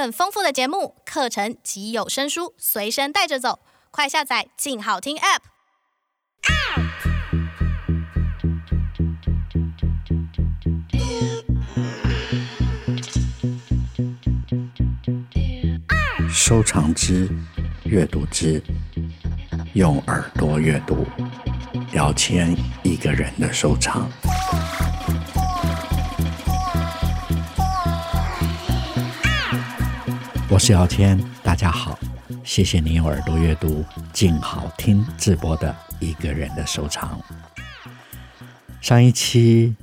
很豐富的節目、課程及有聲書隨身帶着走，快下載鏡好聽 App。啊啊、收藏之、閱讀之，用耳朵閱讀，姚謙一個人的收藏。我是姚謙，大家好，謝謝你用耳朵閱讀靜好聽直播的一個人的收藏。上一期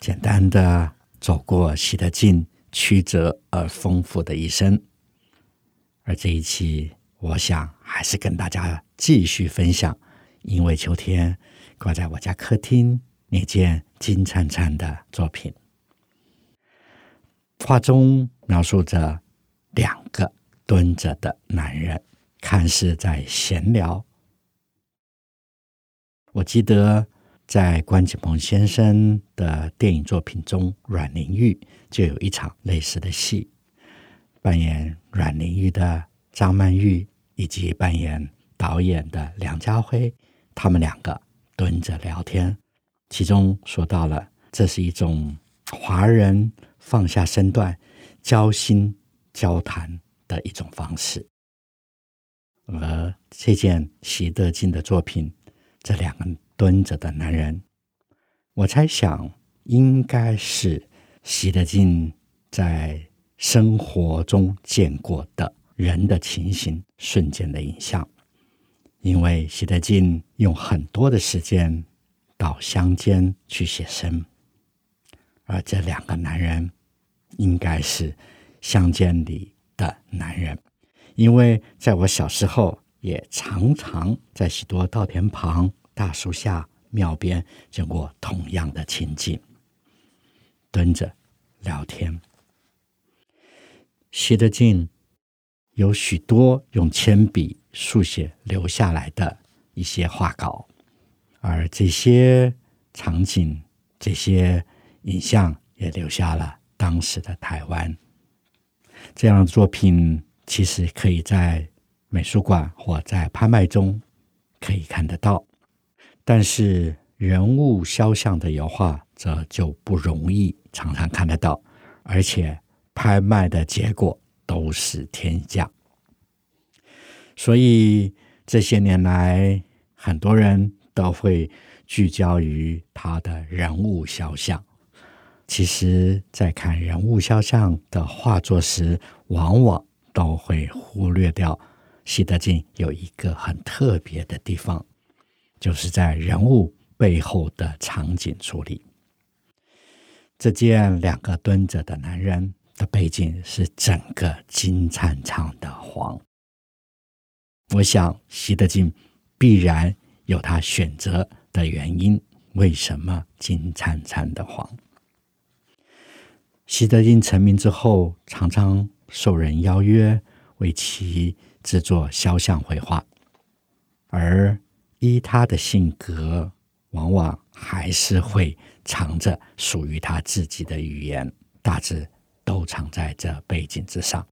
簡單的走過席德進曲折而豐富的一生，而這一期我想還是跟大家繼續分享，因為秋天掛在我家客廳那件金燦燦的作品，畫中描述着。兩個蹲着的男人，看似在閒聊。我記得在關錦鵬先生的電影作品中，阮玲玉就有一場類似的戲。扮演阮玲玉的張曼玉，以及扮演導演的梁家輝，他們兩個蹲着聊天，其中說到了這是一種華人放下身段交心交談的一種方式，而這件席德進的作品，這兩個蹲着的男人，我猜想應該是席德進在生活中見過的人的情形，瞬間的影像，因為席德進用很多的時間到鄉間去寫生，而這兩個男人應該是。鄉間裡的男人，因為在我小時候，也常常在許多稻田旁、大樹下、廟邊見過同樣的情景，蹲着聊天。席德進有許多用鉛筆速寫留下來的一些畫稿，而這些場景、這些影像也留下了當時的台灣。這樣的作品其實可以在美術館或在拍賣中可以看得到，但是人物肖像的油畫則就不容易常常看得到，而且拍賣的結果都是天價。所以這些年來很多人都會聚焦於他的人物肖像。其實，在看人物肖像的畫作時，往往都會忽略掉席德進有一個很特別的地方，就是在人物背後的場景處理。只見兩個蹲着的男人的背景是整個金燦燦的黃。我想，席德進必然有他選擇的原因。為什麼金燦燦的黃？席德進成名之後，常常受人邀約為其制作肖像繪畫，而依他的性格，往往還是會藏着屬於他自己的語言，大致都藏在這背景之上。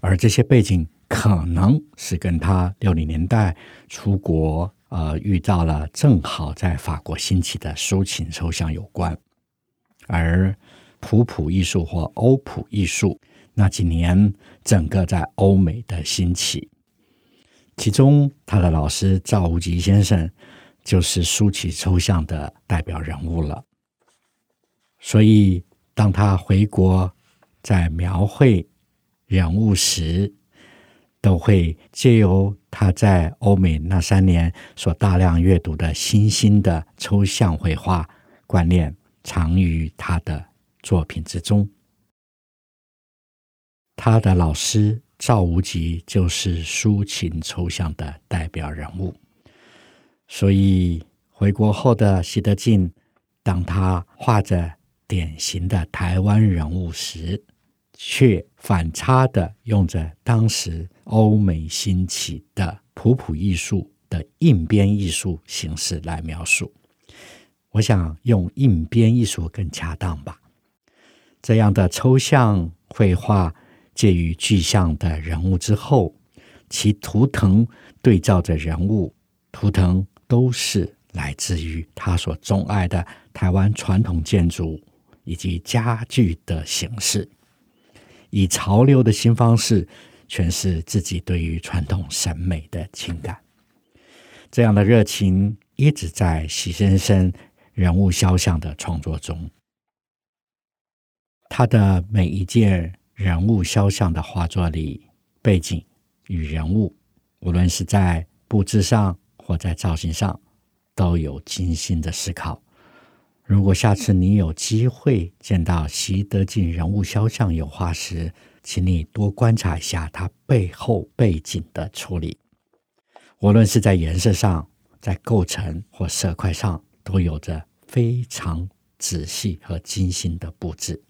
而這些背景可能是跟他六零年代出國，呃，遇到了正好在法國興起的抒情抽象有關，而。普普藝術或歐普藝術那幾年，整個在歐美的興起，其中他的老師趙無極先生就是抒情抽象的代表人物了。所以，當他回國在描繪人物時，都會借由他在歐美那三年所大量閱讀的新興的抽象繪畫觀念，藏於他的。作品之中，他的老師趙無極就是抒情抽象的代表人物。所以回國後的席德進，當他畫着典型的台灣人物時，卻反差的用着當時歐美興起的普普藝術的硬邊藝術形式來描述。我想用硬邊藝術更恰當吧。這樣的抽象繪畫介於具象的人物之後，其圖騰對照着人物，圖騰都是來自於他所鍾愛的台灣傳統建築以及家具的形式，以潮流的新方式詮釋自己對於傳統審美的情感。這樣的熱情一直在席先生人物肖像的創作中。他的每一件人物肖像的畫作裡，背景與人物，無論是在布置上或在造型上，都有精心的思考。如果下次你有機會見到席德進人物肖像油畫時，請你多觀察一下他背後背景的處理，無論是在顏色上、在構成或色塊上，都有着非常仔細和精心的布置。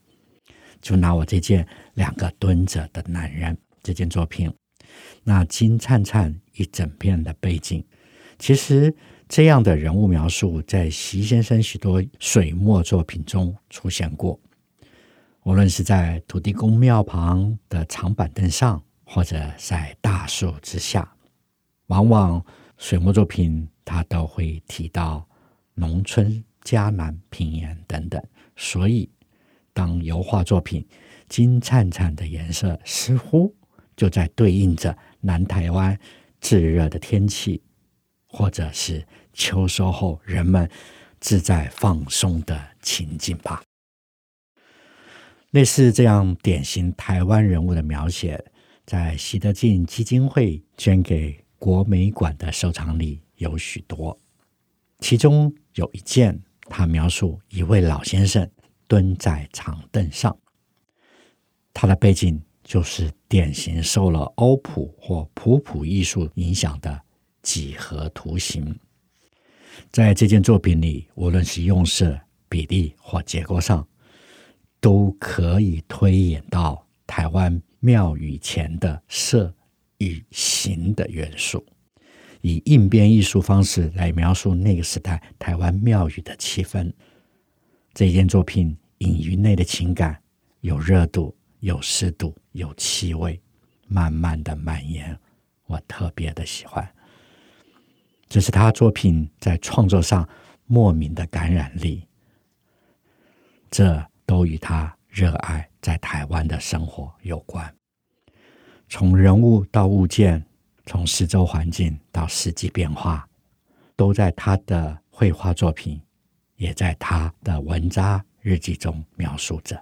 就拿我這件兩個蹲着的男人這件作品，那金燦燦一整片的背景，其實這樣的人物描述在席先生許多水墨作品中出現過。無論是在土地公廟旁的長板凳上，或者在大樹之下，往往水墨作品他都會提到農村、江南平原等等，所以。當油畫作品金燦燦的顏色，似乎就在對應着南台灣炙熱的天氣，或者是秋收後人們自在放鬆的情景吧。類似這樣典型台灣人物的描寫，在席德進基金會捐給國美館的收藏裡有許多，其中有一件，他描述一位老先生。蹲在長凳上，他的背景就是典型受了歐普或普普藝術影響的幾何圖形。在這件作品裡，無論是用色、比例或結構上，都可以推演到台灣廟宇前的色與形的元素，以硬邊藝術方式來描述那個時代台灣廟宇的氣氛。這件作品隱於內的情感有熱度，有濕度，有氣味，慢慢的蔓延。我特別的喜歡，這是他作品在創作上莫名的感染力。這都與他熱愛在台灣的生活有關。從人物到物件，從四周環境到四季變化，都在他的繪畫作品。也在他的文章日記中描述着。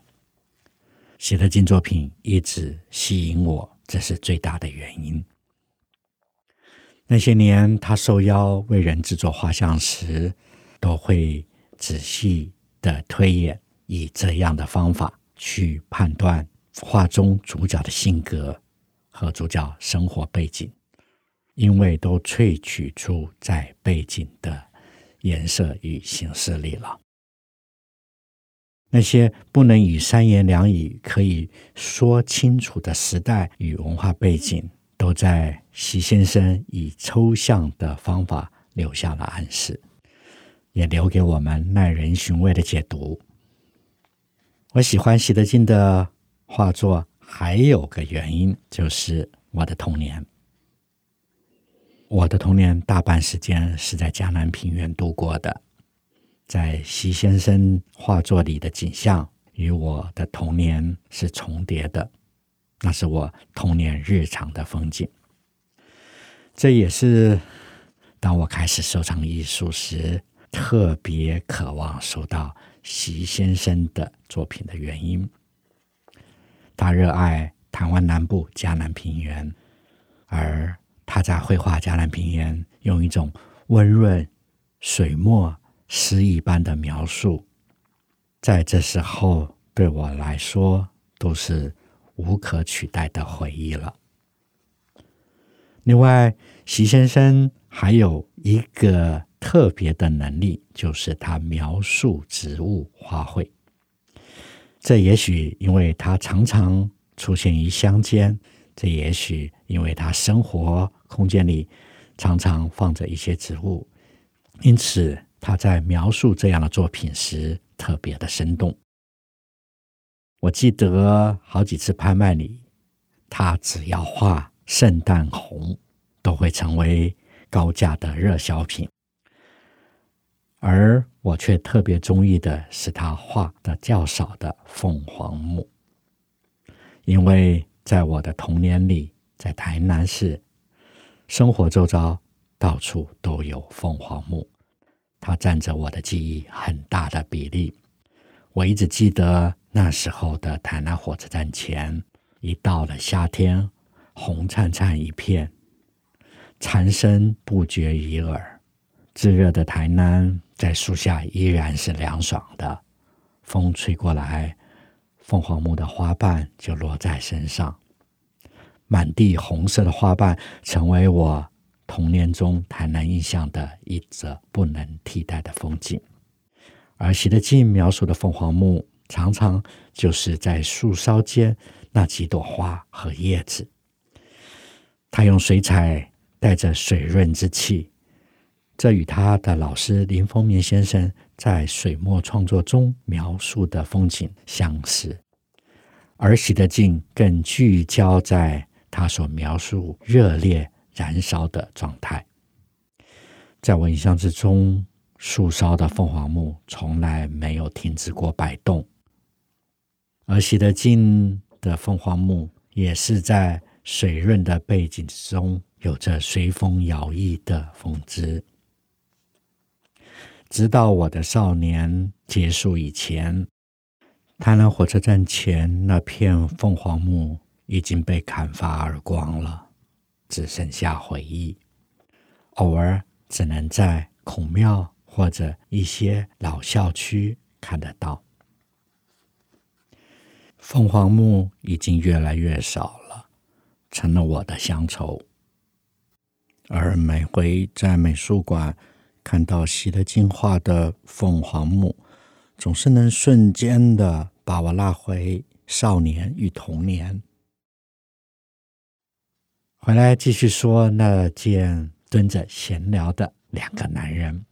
席德進作品一直吸引我，這是最大的原因。那些年，他受邀為人制作畫像時，都會仔細的推演，以這樣的方法去判斷畫中主角的性格和主角生活背景，因為都萃取出在背景的，顏色與形式裡了，那些不能以三言兩語可以說清楚的時代與文化背景，都在席先生以抽象的方法留下了暗示，也留給我們耐人尋味的解讀。我喜歡席德進的畫作，還有個原因，就是我的童年。我的童年大半時間是在嘉南平原度過的，在席先生畫作裡的景象與我的童年是重疊的，那是我童年日常的風景。這也是當我開始收藏藝術時，特別渴望收到席先生的作品的原因。他熱愛台灣南部嘉南平原，而，他在繪畫嘉南平原，用一種溫潤、水墨、詩意般的描述，在這時候對我來說都是無可取代的回憶了。另外，席先生還有一個特別的能力，就是他描述植物花卉。這也許因為他常常出現於鄉間。這也許因為他生活空間裡常常放着一些植物，因此他在描述這樣的作品時特別的生動。我記得好幾次拍賣裡，他只要畫聖誕紅，都會成為高價的熱銷品。而我卻特別中意的是他畫的較少的鳳凰木，因為……在我的童年裡，在台南市生活周遭，到處都有鳳凰木，它佔着我的記憶很大的比例。我一直記得那時候的台南火車站前，一到了夏天，紅燦燦一片，蟬聲不絕於耳。炙熱的台南，在樹下依然是涼爽的，風吹過來。鳳凰木的花瓣就落在身上，滿地紅色的花瓣成為我童年中台南印象的一則不能替代的風景。而席德進描述的鳳凰木，常常就是在樹梢間那幾朵花和葉子。他用水彩帶着水潤之氣，這與他的老師林風眠先生，在水墨創作中描述的風景相似，而席德進更聚焦在他所描述熱烈燃燒的狀態。在我印象之中，樹梢的鳳凰木從來沒有停止過擺動，而席德進的鳳凰木也是在水潤的背景中，有着隨風搖曳的風姿。直到我的少年結束以前，台南火車站前那片鳳凰木已經被砍伐而光了，只剩下回憶。偶爾只能在孔廟或者一些老校區看得到。鳳凰木已經越來越少了，成了我的鄉愁。而每回在美術館，看到席德進畫的鳳凰木，總是能瞬間的把我拉回少年與童年。回來繼續說那件蹲着閒聊的兩個男人。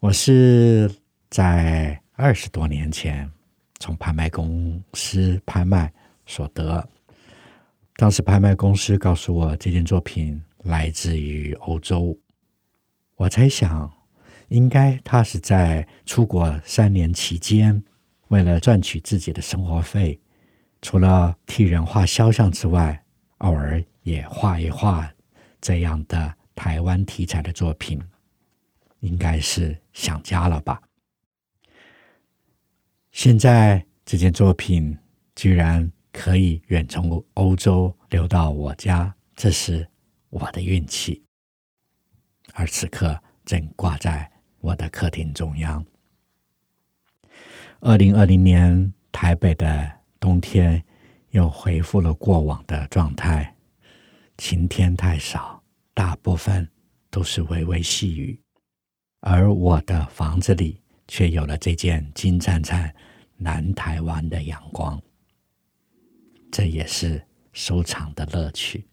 我是在二十多年前從拍賣公司拍賣所得，當時拍賣公司告訴我這件作品來自於歐洲。我猜想，應該他是在出國三年期間，為了賺取自己的生活費，除了替人畫肖像之外，偶爾也畫一畫這樣的台灣題材的作品，應該是想家了吧。現在這件作品居然可以遠從歐洲流到我家，這是我的運氣。而此刻正掛在我的客廳中央。二零二零年台北的冬天又恢復了過往的狀態，晴天太少，大部分都是微微細雨。而我的房子裡卻有了這件金燦燦南台灣的陽光，這也是收藏的樂趣。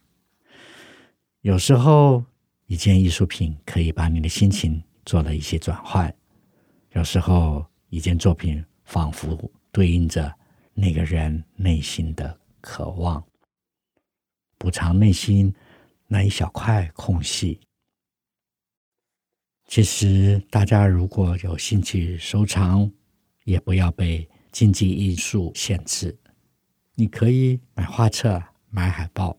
有時候。一件藝術品可以把你的心情做了一些轉換，有時候一件作品仿佛對應着那個人內心的渴望，補償內心那一小塊空隙。其實大家如果有興趣收藏，也不要被經濟藝術限制，你可以買畫冊，買海報。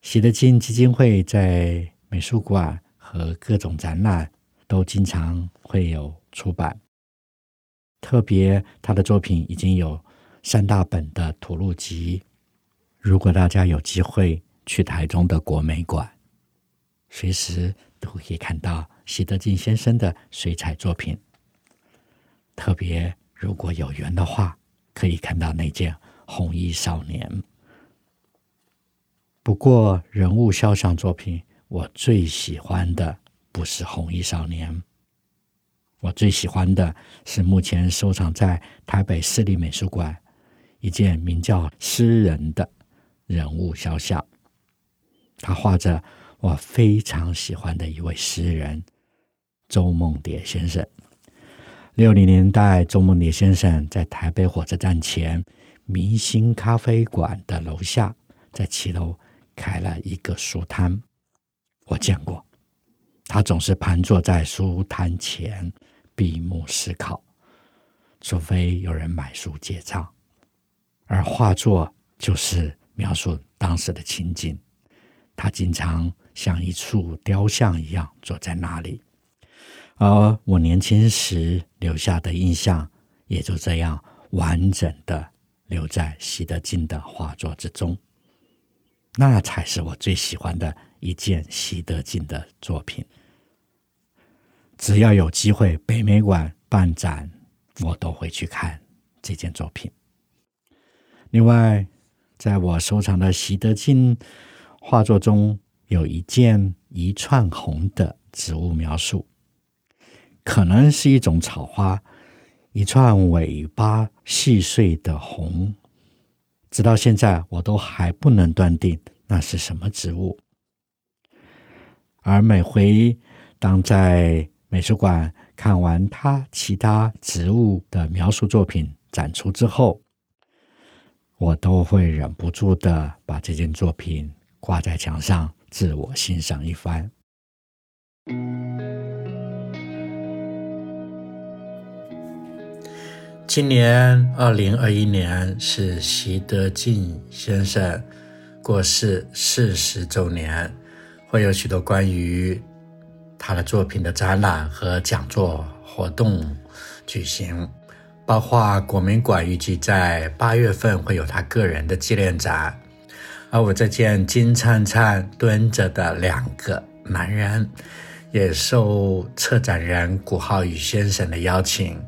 席德進基金會在美術館和各種展覽都經常會有出版。特別他的作品已經有三大本的圖錄集。如果大家有機會去台中的國美館，隨時都可以看到席德進先生的水彩作品。特別如果有緣的話，可以看到那件紅衣少年。不過，人物肖像作品我最喜歡的不是紅衣少年，我最喜歡的是目前收藏在台北市立美術館一件名叫《詩人》的人物肖像。他畫着我非常喜歡的一位詩人周夢蝶先生。六零年代，周夢蝶先生在台北火車站前明星咖啡館的樓下，在騎樓，開了一個書攤，我見過。他總是盤坐在書攤前閉目思考，除非有人買書結賬。而畫作就是描述當時的情景。他經常像一處雕像一樣坐在那裡，而我年輕時留下的印象也就這樣完整的留在席德進的畫作之中。那才是我最喜歡的一件席德進的作品。只要有機會，北美館辦展，我都會去看這件作品。另外，在我收藏的席德進畫作中，有一件一串紅的植物描述，可能是一種草花，一串尾巴細碎的紅。直到現在，我都還不能斷定那是什麼植物。而每回當在美術館看完他其他植物的描述作品展出之後，我都會忍不住的把這件作品掛在牆上，自我欣賞一番。今年二零二一年是席德進先生過世四十周年，會有許多關於他的作品的展覽和講座活動舉行，包括國美館預計在八月份會有他個人的紀念展。而我這件金燦燦蹲着的兩個男人，也受策展人古浩宇先生的邀請。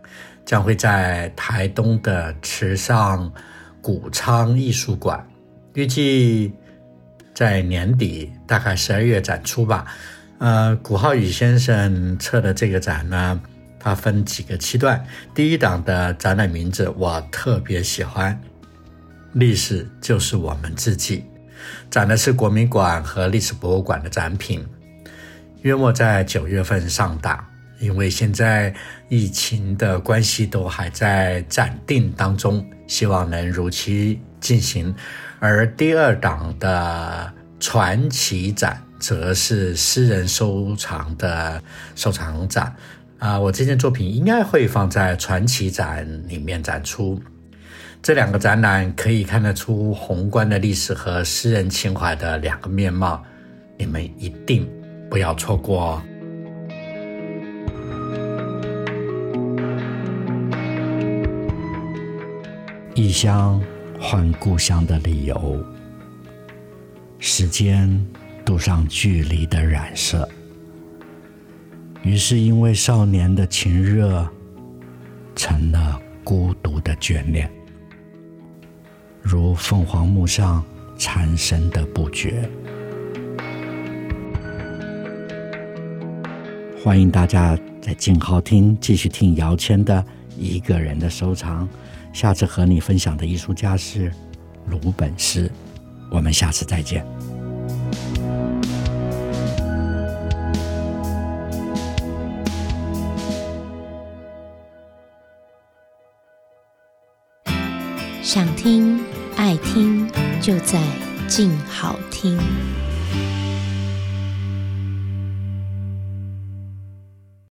將會在台東的池上谷倉藝術館，預計在年底，大概十二月展出吧。呃，古浩宇先生策的這個展呢，它分幾個期段。第一檔的展覽名字我特別喜歡，歷史就是我們自己，展的是國民館和歷史博物館的展品，約莫在九月份上檔。因為現在疫情的關係，都還在暫定當中，希望能如期進行。而第二檔的傳奇展，則是私人收藏的收藏展。啊、呃，我這件作品應該會放在傳奇展裡面展出。這兩個展覽可以看得出宏觀的歷史和私人情懷的兩個面貌，你們一定不要錯過哦。異鄉換故鄉的理由，時間鍍上距離的染色，於是因為少年的情熱，成了孤獨的眷戀，如鳳凰木上纏身的不絕。歡迎大家在靜好聽繼續聽姚謙的《一個人的收藏》。下次和你分享的藝術家是魯本斯，我們下次再見。想聽愛聽，就在靜好聽。